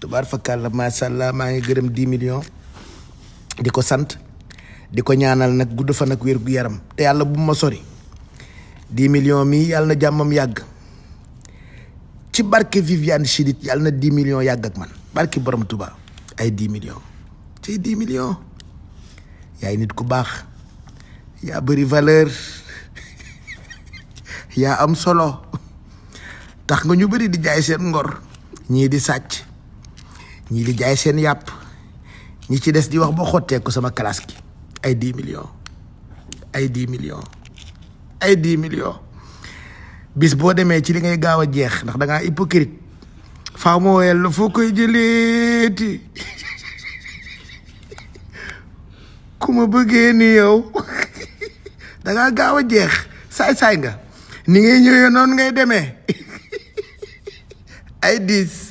tubaar fakàlla macha allah maa ngi gërëm 10 millions di ko sant di ko ñaanal nag gudd fan ak wér gu yaram yàlla bu masori sori million mi yàlla na jàmmam yàgg ci barke Viviane Chidid yàlla na 10 millions yàgg ak man barke borom Touba ay 10 millions ci 10 millions yaay nit ku baax yaa bëri valeur yaa am solo tax nga ñu bari di jaay seen ngor ñii di sàcc. ñii di jaay seen yàpp ñi ci des di wax ba xottee ko sama classe gi ay dix millions ay dix millions ay dix millions bis boo demee ci li ngay gaaw a jeex ndax dangaa ngaa hypocrite faaw ma woyal la foo koy jëleeti ma bëggee ni yow gaaw a jeex saay-saay nga ni ngay noon ngay demee ay